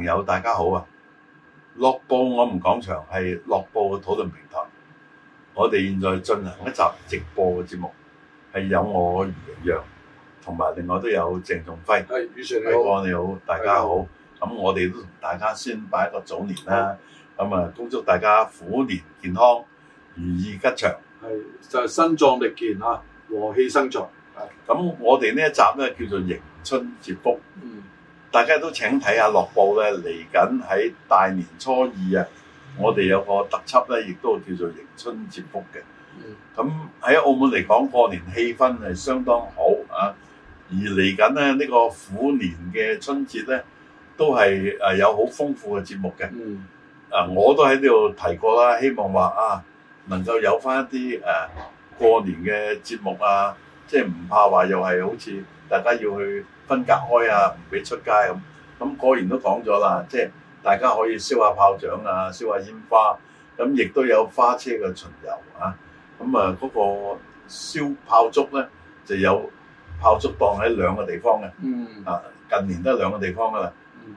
朋友大家好啊！樂報我們講場係樂報嘅討論平台，我哋現在進行一集直播嘅節目，係有我余陽，同埋另外都有鄭仲輝。係余 Sir 你好，輝哥你好，大家好。咁的我哋都同大家先拜一個早年啦，咁啊的恭祝大家虎年健康，如意吉祥。係就是、身壯力健啊，和氣生財。咁我哋呢一集咧叫做迎春接福。嗯大家都請睇下樂報咧，嚟緊喺大年初二啊，我哋有個特輯咧，亦都叫做迎春接福嘅。咁喺澳門嚟講，過年氣氛係相當好啊。而嚟緊咧，呢、呢個虎年嘅春節咧，都係誒有好豐富嘅節目嘅。嗯、啊，我都喺呢度提過啦，希望話啊，能夠有翻一啲誒、啊、過年嘅節目啊，即係唔怕話又係好似大家要去。分隔開啊，唔俾出街咁。咁、嗯、果然都講咗啦，即係大家可以燒下炮仗啊，燒下煙花。咁亦都有花車嘅巡遊啊。咁啊，嗰、那個燒炮竹咧就有炮竹檔喺兩個地方嘅。嗯。啊，近年都係兩個地方噶啦。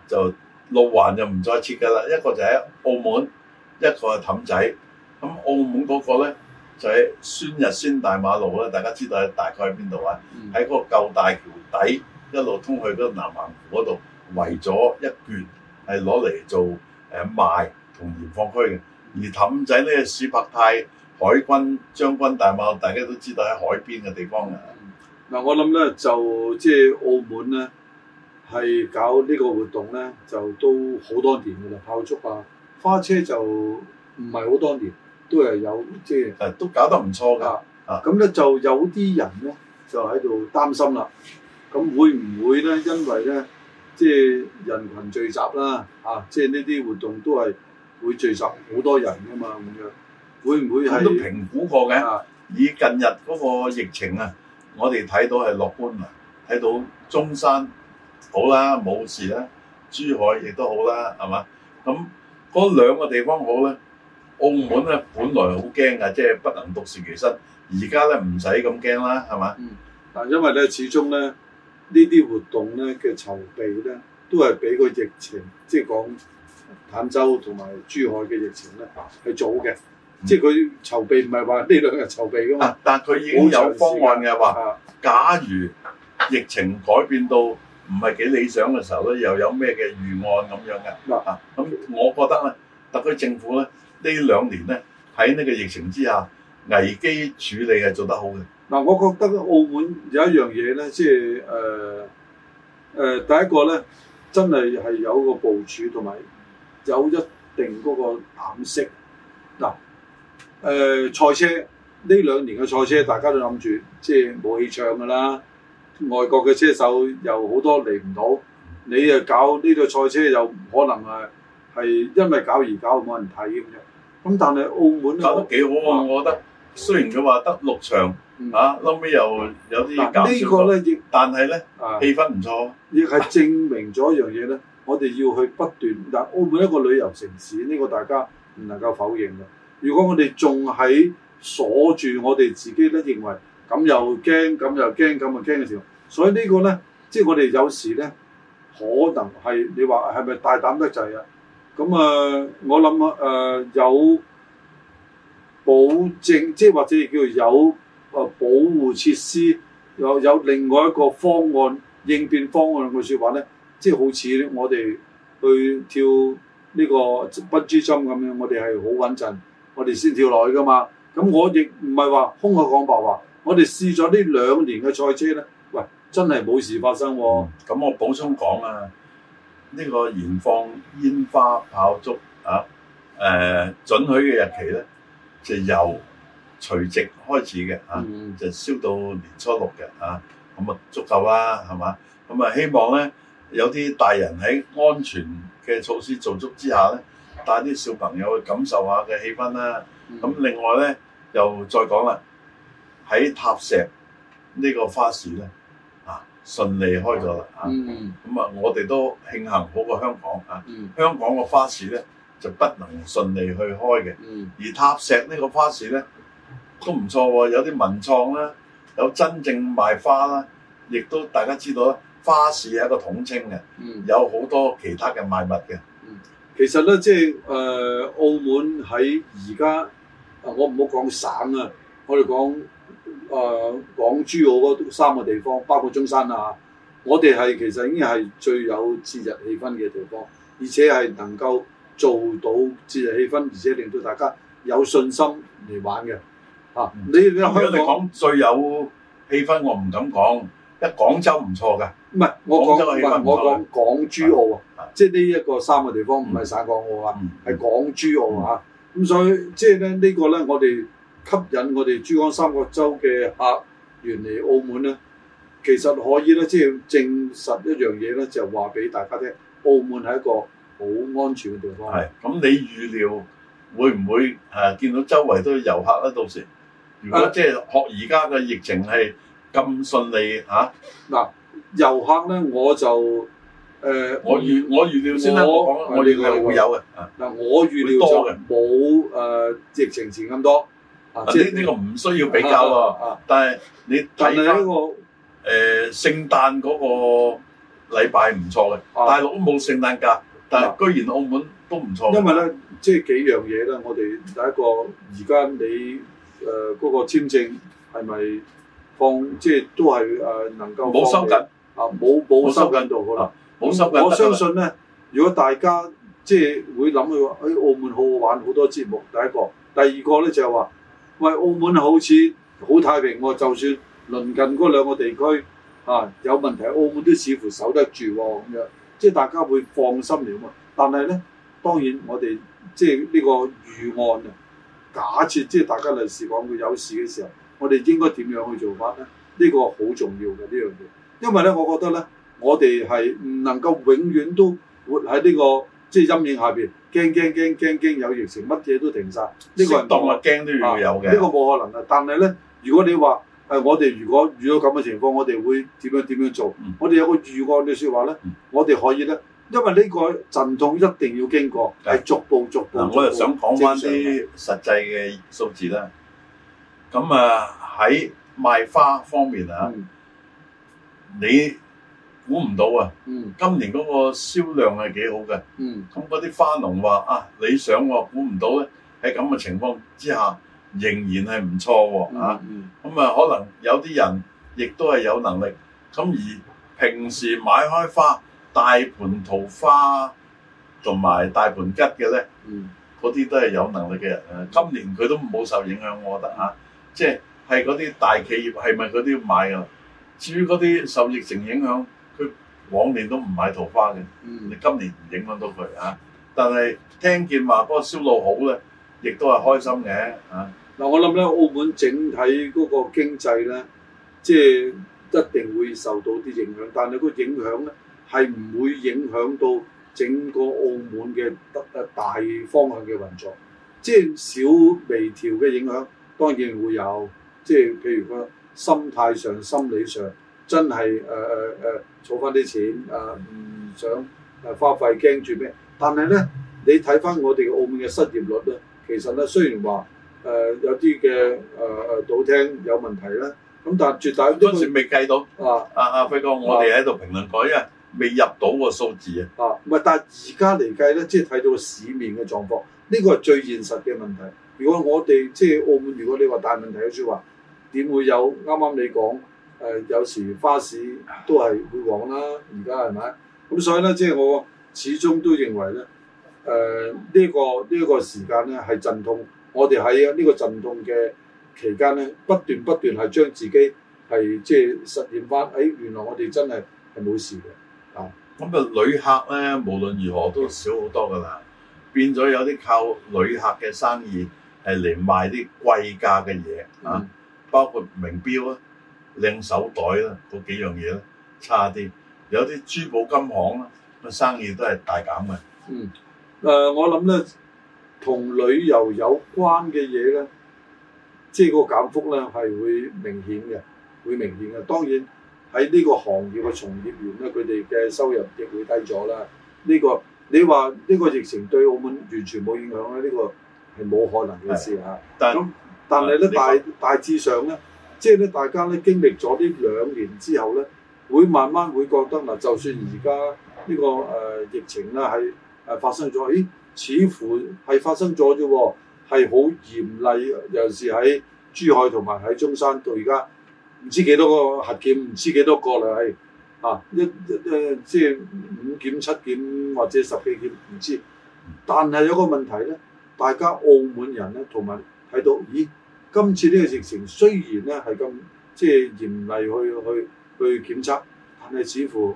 就路環就唔再設噶啦，一個就喺澳門，一個係氹仔。咁澳門嗰個咧就喺孫逸仙大馬路啦，大家知道係大概喺邊度啊？喺嗰、嗯、個舊大橋底。一路通去到南灣湖嗰度，圍咗一圈，係攞嚟做誒賣同燃放區嘅。而氹仔咧，史柏泰海軍將軍大馬，大家都知道喺海邊嘅地方啊。嗱、嗯，我諗咧就即係、就是、澳門咧，係搞呢個活動咧，就都好多年噶啦，炮竹啊、花車就唔係好多年，都係有即係、就是嗯、都搞得唔錯嘅。啊、嗯，咁咧就有啲人咧就喺度擔心啦。咁會唔會咧？因為咧，即係人群聚集啦，嚇，即係呢啲活動都係會聚集好多人噶嘛，咁樣會唔會？咁都評估過嘅，啊、以近日嗰個疫情啊，我哋睇到係樂觀啊，睇到中山好啦，冇事啦，珠海亦都好啦，係嘛？咁嗰兩個地方好咧，澳門咧本，本來好驚啊，即係不能獨善其身，而家咧唔使咁驚啦，係嘛？嗯，但因為咧，始終咧。呢啲活動咧嘅籌備咧，都係比個疫情，即係講坦洲同埋珠海嘅疫情咧去做嘅，嗯、即係佢籌備唔係話呢兩日籌備㗎嘛。啊、但係佢已經有方案嘅話，啊、假如疫情改變到唔係幾理想嘅時候咧，又有咩嘅預案咁樣嘅？啊，咁、啊、我覺得咧，特區政府咧呢兩年咧喺呢個疫情之下，危機處理係做得好嘅。嗱，我覺得澳門有一樣嘢咧，即係誒誒，第一個咧，真係係有個部署同埋有一定嗰個膽識。嗱，誒賽車呢兩年嘅賽車，大家都諗住即係冇氣場㗎啦，外國嘅車手又好多嚟唔到，你又搞呢個賽車又唔可能啊，係因為搞而搞冇人睇咁樣。咁、嗯、但係澳門搞得幾好啊，我覺得。雖然佢話得六場，嚇、嗯啊、後尾又有啲呢個咧，亦但係咧，啊、氣氛唔錯。亦係證明咗一樣嘢咧，啊、我哋要去不斷。但澳門一個旅遊城市，呢、呢個大家唔能夠否認嘅。如果我哋仲喺鎖住我哋自己都認為咁又驚，咁又驚，咁又驚嘅時候，所以個呢個咧，即、就、係、是、我哋有時咧，可能係你話係咪大膽得滯啊？咁啊、呃，我諗啊，誒、呃呃呃呃、有。呃保證即係或者叫做有啊保護設施，有有另外一個方案應變方案嘅説法咧，即係好似我哋去跳呢個笨豬跳咁樣，我哋係好穩陣，我哋先跳落去㗎嘛。咁我亦唔係話空口講白話，我哋試咗呢兩年嘅賽車咧，喂，真係冇事發生，哦。咁、嗯、我補充講啊，呢、這個燃放煙花炮竹啊，誒、呃，准許嘅日期咧。就由除夕開始嘅嚇，嗯、就燒到年初六嘅嚇，咁啊就足夠啦，係嘛？咁啊希望咧有啲大人喺安全嘅措施做足之下咧，帶啲小朋友去感受下嘅氣氛啦。咁、嗯、另外咧又再講啦，喺塔石呢個花市咧啊順利開咗啦嚇。咁、嗯嗯、啊、嗯、就我哋都慶幸好過香港啊。嗯嗯、香港個花市咧。就不能順利去開嘅，而塔石呢個花市咧都唔錯喎，有啲文創啦，有真正賣花啦，亦都大家知道啦，花市係一個統稱嘅，有好多其他嘅賣物嘅、嗯。其實咧，即係誒、呃、澳門喺而家，我唔好講省啊，我哋講誒港珠澳嗰三個地方，包括中山啊，我哋係其實已經係最有節日氣氛嘅地方，而且係能夠，做到節日氣氛，而且令到大家有信心嚟玩嘅嚇。啊嗯、你你香港最有氣氛，我唔敢講。因為廣州唔錯㗎，唔係我講廣州氣氛、嗯、我講港珠澳啊，即係呢一個三個地方唔係省港澳啊，係港珠澳啊。咁所以即係咧呢個咧，我哋吸引我哋珠江三角洲嘅客源嚟澳門咧，其實可以咧，即係證實一樣嘢咧，就話俾大家聽，澳門係一個。好安全嘅地方。係，咁你預料會唔會誒見到周圍都係遊客咧？到時如果即係學而家嘅疫情係咁順利嚇，嗱遊客咧我就誒，我預我預料先啦，我我預料會有嘅。嗱，我預料多嘅，冇誒疫情前咁多。啊，呢呢個唔需要比較啊，但係你睇下呢個誒聖誕嗰個禮拜唔錯嘅，大陸都冇聖誕假。但係，居然澳門都唔錯。因為咧，即係幾樣嘢咧，我哋第一個而家你誒嗰、呃那個簽證係咪放，即係都係誒能夠冇收緊啊！冇冇收緊到，可能冇收緊。嗯、收緊我相信咧，如果大家即係會諗佢話，誒、哎、澳門好好玩，好多節目。第一個，第二個咧就係、是、話，喂，澳門好似好太平喎，就算鄰近嗰兩個地區啊有問題，澳門都似乎守得住喎，咁、啊、樣。即係大家會放心了啊嘛，但係咧，當然我哋即係呢個預案啊，假設即係大家嚟時講佢有事嘅時候，我哋應該點樣去做法咧？呢個好重要嘅呢樣嘢，因為咧，我覺得咧，我哋係唔能夠永遠都活喺呢個即係陰影下邊，驚驚驚驚驚有疫情，乜嘢都停晒。呢個係適當啊，驚都要有嘅。呢個冇可能啊，但係咧，如果你話，我哋如果遇到咁嘅情況，我哋會點樣點樣做？我哋有個預案嘅説話咧，我哋可以咧，因為呢個陣痛一定要經過，係逐步逐步。我又想講翻啲實際嘅數字啦。咁啊，喺賣花方面啊，你估唔到啊？嗯。今年嗰個銷量係幾好嘅。嗯。咁嗰啲花農話啊，你想我估唔到咧？喺咁嘅情況之下。仍然係唔錯喎，咁啊可能有啲人亦都係有能力，咁而平時買開花大盤桃花同埋大盤吉嘅咧，嗰啲、嗯、都係有能力嘅人啊。今年佢都冇受影響，我覺得嚇、啊，即係係嗰啲大企業係咪佢都要買㗎？至於嗰啲受疫情影響，佢往年都唔買桃花嘅，嗯、你今年唔影響到佢嚇、啊，但係聽見話嗰個銷路好咧，亦都係開心嘅嚇。啊啊嗱，我諗咧，澳門整體嗰個經濟咧，即係一定會受到啲影響，但係個影響咧係唔會影響到整個澳門嘅特誒大方向嘅運作，即係小微調嘅影響當然會有，即係譬如個心態上、心理上真係誒誒誒，儲翻啲錢啊，唔、呃、想誒花費驚住咩？但係咧，你睇翻我哋澳門嘅失業率咧，其實咧雖然話，誒、呃、有啲嘅誒誒賭廳有問題啦，咁、嗯、但係絕大部分當時未計到啊啊阿輝哥，我哋喺度評論過，因為未入到個數字啊。啊，唔係，但係而家嚟計咧，即係睇到個市面嘅狀況，呢、這個係最現實嘅問題。如果我哋即係澳門，如果你話大問題嘅話，點會有啱啱你講誒、呃？有時花市都係會旺啦，而家係咪？咁、嗯、所以咧，即係我始終都認為咧，誒、呃、呢、這個呢、這個時間咧係陣痛。我哋喺呢個陣痛嘅期間咧，不斷不斷係將自己係即係實現翻，誒、哎、原來我哋真係係冇事嘅。啊，咁嘅旅客咧，無論如何都是少好多噶啦，變咗有啲靠旅客嘅生意係嚟賣啲貴價嘅嘢啊，嗯、包括名錶啊、靚手袋啦嗰幾樣嘢咧，差啲有啲珠寶金行啦，個生意都係大減嘅。嗯，誒、呃、我諗咧。同旅遊有關嘅嘢咧，即、就、係、是、個減幅咧係會明顯嘅，會明顯嘅。當然喺呢個行業嘅從業員咧，佢哋嘅收入亦會低咗啦。呢、這個你話呢個疫情對澳門完全冇影響咧？呢、這個係冇可能嘅事吓。咁但係咧、呃、大大致上咧，即係咧大家咧經歷咗呢兩年之後咧，會慢慢會覺得嗱，就算而家呢個誒、呃、疫情啊係誒發生咗，咦、欸？似乎係發生咗啫，係好嚴厲，尤其是喺珠海同埋喺中山，到而家唔知幾多個核檢，唔知幾多個啦，係啊，一誒即係五檢七檢或者十四檢唔知。但係有個問題咧，大家澳門人咧同埋睇到咦？今次呢個疫情雖然咧係咁即係嚴厲去去去檢測，但係似乎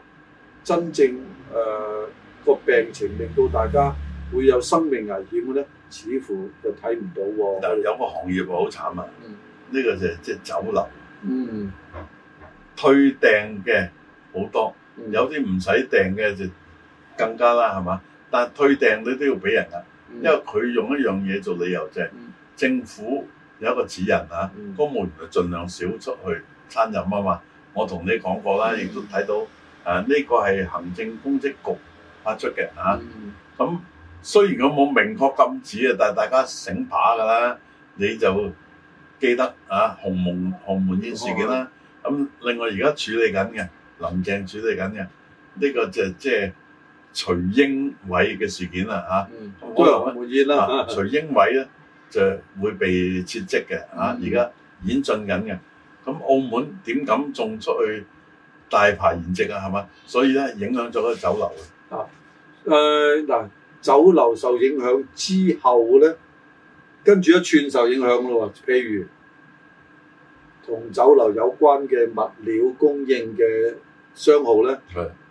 真正誒、呃、個病情令到大家會有生命危險嘅咧，似乎就睇唔到喎、啊。但有，有個行業好慘啊！呢、嗯、個就即係酒樓，嗯、退訂嘅好多，嗯、有啲唔使訂嘅就更加啦，係嘛？但係退訂你都要俾人啊，嗯、因為佢用一樣嘢做理由，啫。嗯、政府有一個指引啊，公務員就儘量少出去餐飲啊嘛。我同你講過啦，亦都睇到誒呢、啊這個係行政公職局發出嘅啊，咁、啊。嗯嗯雖然我冇明確禁止啊，但係大家醒扒噶啦，你就記得啊，鴻門鴻門宴事件啦。咁、哦、另外而家處理緊嘅，林鄭處理緊嘅呢個就即、是、係、就是、徐英偉嘅事件啦，嚇、啊，鴻門宴啦，徐英偉咧就會被撤職嘅，嚇、啊，而家演進緊嘅。咁、啊嗯嗯、澳門點敢仲出去大排筵席啊？係嘛，所以咧影響咗個酒樓嘅。啊，誒、呃、嗱。呃酒樓受影響之後咧，跟住一串受影響咯喎，的譬如同酒樓有關嘅物料供應嘅商號咧，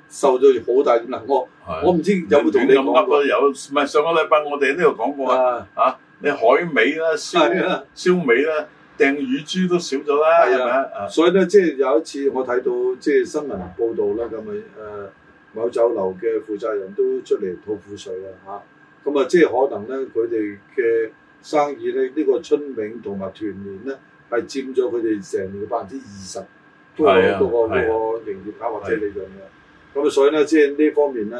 受咗好大影響。呃、的我我唔知有冇同你講過，么么有唔係上個禮拜我哋喺呢度講過的啊嚇，你海味啦、燒燒味啦、訂乳的豬都少咗啦，係咪啊？的所以咧，即係有一次我睇到即係新聞報導啦，咁咪誒。Mm. 有酒樓嘅負責人都出嚟吐苦水啦，吓咁啊，即係可能咧，佢哋嘅生意咧，這個、呢個春茗同埋團圓咧，係佔咗佢哋成年嘅百分之二十，都有好多個嗰個營業額，啊、或者利潤嘅。咁、啊、所以咧，即係呢方面咧，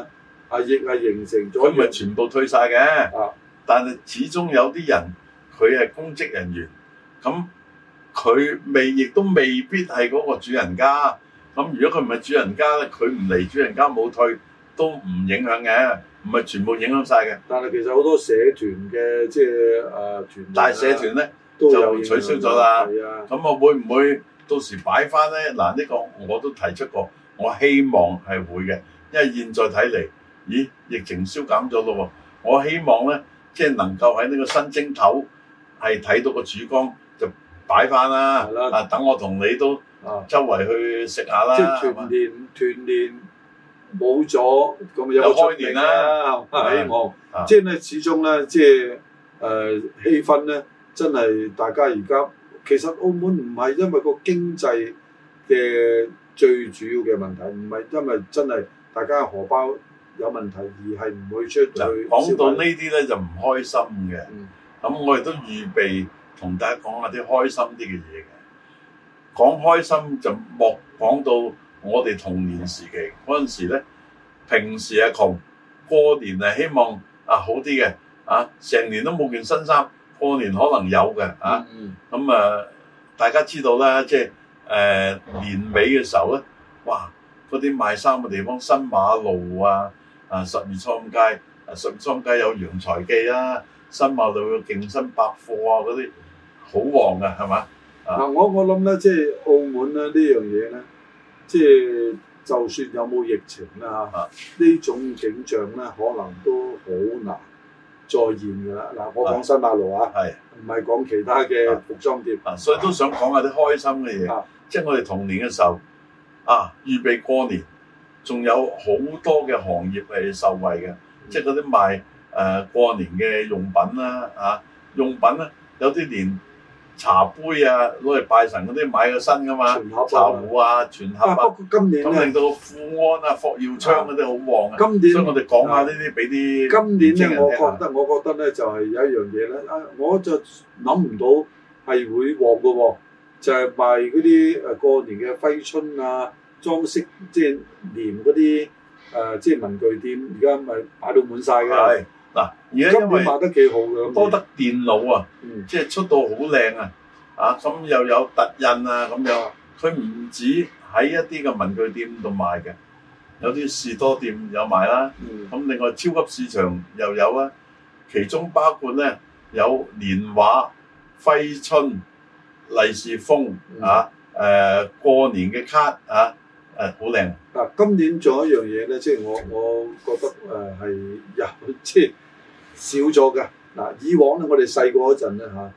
啊亦係形成咗，佢唔係全部退晒嘅，啊、但係始終有啲人佢係公職人員，咁佢未亦都未必係嗰個主人家。咁如果佢唔係主人家咧，佢唔嚟，主人家冇退都唔影響嘅，唔係全部影響晒嘅。但係其實好多社團嘅，即係但大社團咧就取消咗啦。咁啊、呃，我會唔會到時擺翻咧？嗱、啊，呢、呢個我都提出過，我希望係會嘅，因為現在睇嚟，咦，疫情消減咗咯喎，我希望咧，即係能夠喺呢個新正頭係睇到個曙光就擺翻啦。的嗯、啊，等我同你都。周圍去食下啦，即係團年嗎團年冇咗咁啊，有，有，有開年啦，希望的？即係咧，始終咧，即係誒氣氛咧，真係大家而家其實澳門唔係因為個經濟嘅最主要嘅問題，唔係因為真係大家荷包有問題，而係唔會出去。講到呢啲咧，就唔開心嘅。咁、嗯嗯、我哋都預備同大家講下啲開心啲嘅嘢。講開心就莫講到我哋童年時期嗰陣時咧，平時係窮，過年係希望啊好啲嘅，啊成、啊、年都冇件新衫，過年可能有嘅，啊咁啊大家知道啦，即係誒年尾嘅時候咧，哇嗰啲賣衫嘅地方新馬路啊、啊十二倉街啊，十二倉街有陽財記啊，新馬路有勁新百貨啊，嗰啲好旺㗎係嘛？嗱、啊，我我諗咧，即係澳門咧呢樣嘢咧，即係就算有冇疫情啦、啊、嚇，呢、啊、種景象咧可能都好難再現㗎啦。嗱、啊，我講新馬路啊，係唔係講其他嘅、啊、服裝店、啊，所以都想講下啲開心嘅嘢。啊、即係我哋同年嘅時候啊，預備過年，仲有好多嘅行業係受惠嘅，即係嗰啲賣誒、呃、過年嘅用品啦，啊用品咧，有啲年。茶杯啊，攞嚟拜神嗰啲買個新噶嘛，啊、茶壺啊，全盒啊，咁、啊、令到富安啊、霍耀昌嗰啲好旺啊，今年所以我哋講下呢啲俾啲今年咧，我覺得我覺得咧就係、是、有一樣嘢咧，啊，我就諗唔到係會旺噶喎、啊，就係、是、賣嗰啲誒過年嘅揮春啊，裝飾即係年嗰啲誒即係文具店，而家咪擺到滿曬嘅、啊。嗱，而家因為賣得幾好嘅多得電腦啊，嗯、即係出到好靚啊，啊咁又有凸印啊咁樣，佢、啊、唔止喺一啲嘅文具店度賣嘅，有啲士多店有賣啦，咁、嗯、另外超級市場又有啊，其中包括咧有年畫、揮春、利是封啊，誒、呃、過年嘅卡啊，誒好靚。嗱、啊啊，今年仲有一樣嘢咧，即、就、係、是、我我覺得誒係有即。呃少咗嘅。嗱，以往咧我哋細個嗰陣咧嚇，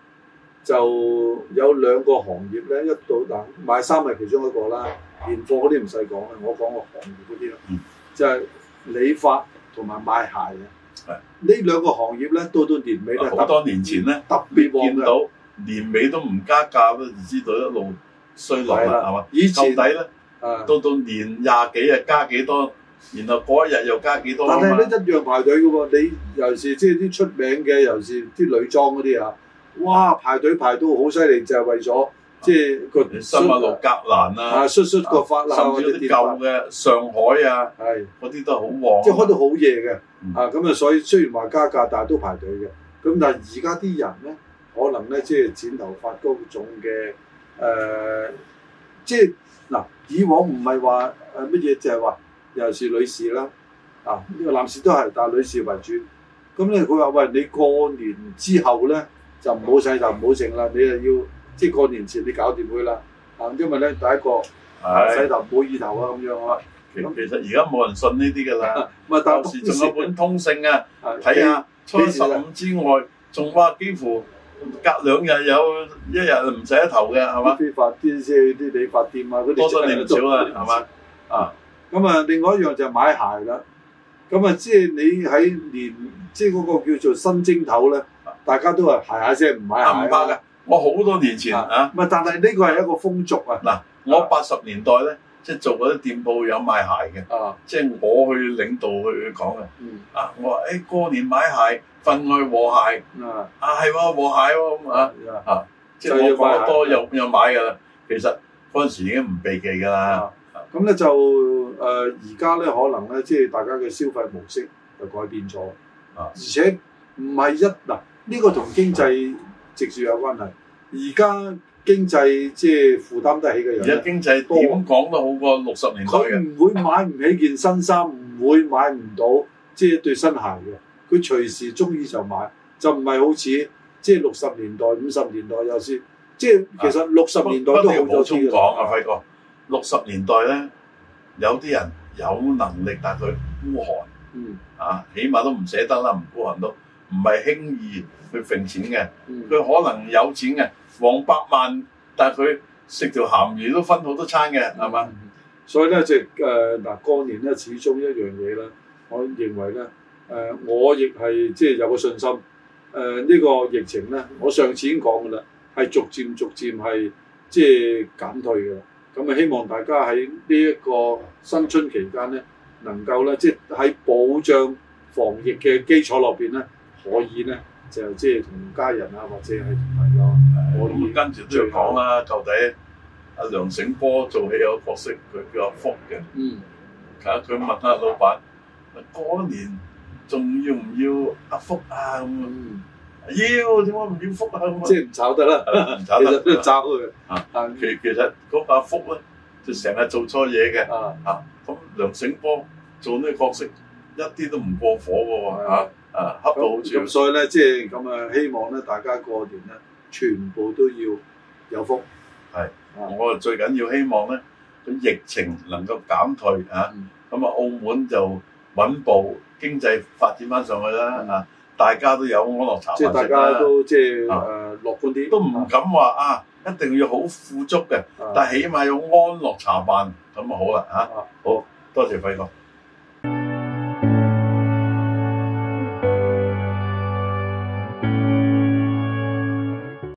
就有兩個行業咧，一到等買衫係其中一個啦，連貨嗰啲唔使講啦，我講個行業嗰啲咯，就係理髮同埋買鞋嘅，呢兩個行業咧，到到年尾好多年前咧，特別旺，見到年尾都唔加價都唔知道一路衰落啦，係嘛的？吧以前底咧，到到年廿幾啊加幾多？然後嗰一日又加幾多？但係咧一樣排隊嘅喎，你尤其是即係啲出名嘅，尤其是啲女裝嗰啲啊！哇，排隊排到好犀利，就係為咗即係個新馬路格蘭啊，啊，縮縮個髮啦，舊嘅上海啊，係嗰啲都好旺，即係開到好夜嘅啊！咁啊，所以雖然話加價，但係都排隊嘅。咁但係而家啲人咧，可能咧即係剪頭髮嗰種嘅誒，即係嗱，以往唔係話誒乜嘢，就係話。又是女士啦，嗱呢個男士都係，但女士為主。咁咧佢話：喂，你過年之後咧就唔好洗頭唔好剩啦，你又要即係過年前你搞掂佢啦。啊，因為咧第一個洗頭唔好意頭啊咁樣啊。其實而家冇人信呢啲㗎啦。咁當時仲有本通勝啊，睇下初十五之外，仲話幾乎隔兩日有一日唔洗頭嘅係嘛？飛髮啲即係啲理髮店啊，嗰啲啊，係嘛啊？咁啊，另外一樣就係買鞋啦。咁啊，即係你喺年，即係嗰個叫做新正頭咧，大家都話鞋下聲唔買鞋唔拍噶。我好多年前啊，唔係，但係呢個係一個風俗啊。嗱，我八十年代咧，即係做嗰啲店鋪有賣鞋嘅。啊，即係我去領導去講嘅。啊，我話誒過年買鞋，份外和諧。啊啊，係喎，和諧喎。咁啊啊，即係我講得多又又買噶啦。其實嗰陣時已經唔避忌噶啦。咁咧就誒而家咧可能咧，即係大家嘅消費模式就改變咗啊！而且唔係一，嗱，呢、啊呢個同經濟直接有關係。而家經濟即係、呃、負擔得起嘅人，而家經濟點講都好過六十年代。佢唔會買唔起件新衫，唔、啊、會買唔到即係、就是、對新鞋嘅。佢隨時鍾意就買，就唔係好似即係六十年代、五十年代有時。即、就、係、是、其實六十年代都好咗啲嘅。不啊，輝哥、啊。啊啊啊啊六十年代咧，有啲人有能力，但佢孤寒，寒，嗯啊，起碼都唔捨得啦，唔孤寒到，唔係輕易去揈錢嘅。佢、嗯、可能有錢嘅，黃百萬，但佢食條鹹魚都分好多餐嘅，係嘛？所以咧，就誒、是、嗱，過、呃、年咧，始終一樣嘢啦，我認為咧，誒、呃、我亦係即係有個信心，誒、呃、呢、這個疫情咧，我上次已經講噶啦，係逐漸逐漸係即係減退嘅。咁啊，希望大家喺呢一個新春期間咧，能夠咧，即係喺保障防疫嘅基礎落邊咧，可以咧就即係同家人啊，或者係同朋友、啊，我會跟住都要講啦。舊底阿梁醒波做起個角色，佢叫阿福嘅。嗯，嚇佢問下老闆，過年仲要唔要阿福啊？咁、嗯、啊。妖、哎，點解唔要福啊？即係唔炒得啦，唔炒得都揸佢。啊，其其實嗰個福咧，就成日做錯嘢嘅。啊，咁梁醒波做呢個角色一啲都唔過火嘅喎。嚇，啊，恰到好處。咁所以咧，即係咁啊，希望咧大家過年咧，全部都要有福。係，我啊最緊要希望咧，個疫情能夠減退嚇，咁啊澳門就穩步經濟發展翻上去啦。啊！大家都有安樂茶飯，大家都、啊、即係誒樂觀啲，呃、都唔敢話啊,啊！一定要好富足嘅，啊、但起碼有安樂茶飯咁啊就好啦嚇，啊啊、好多謝輝哥。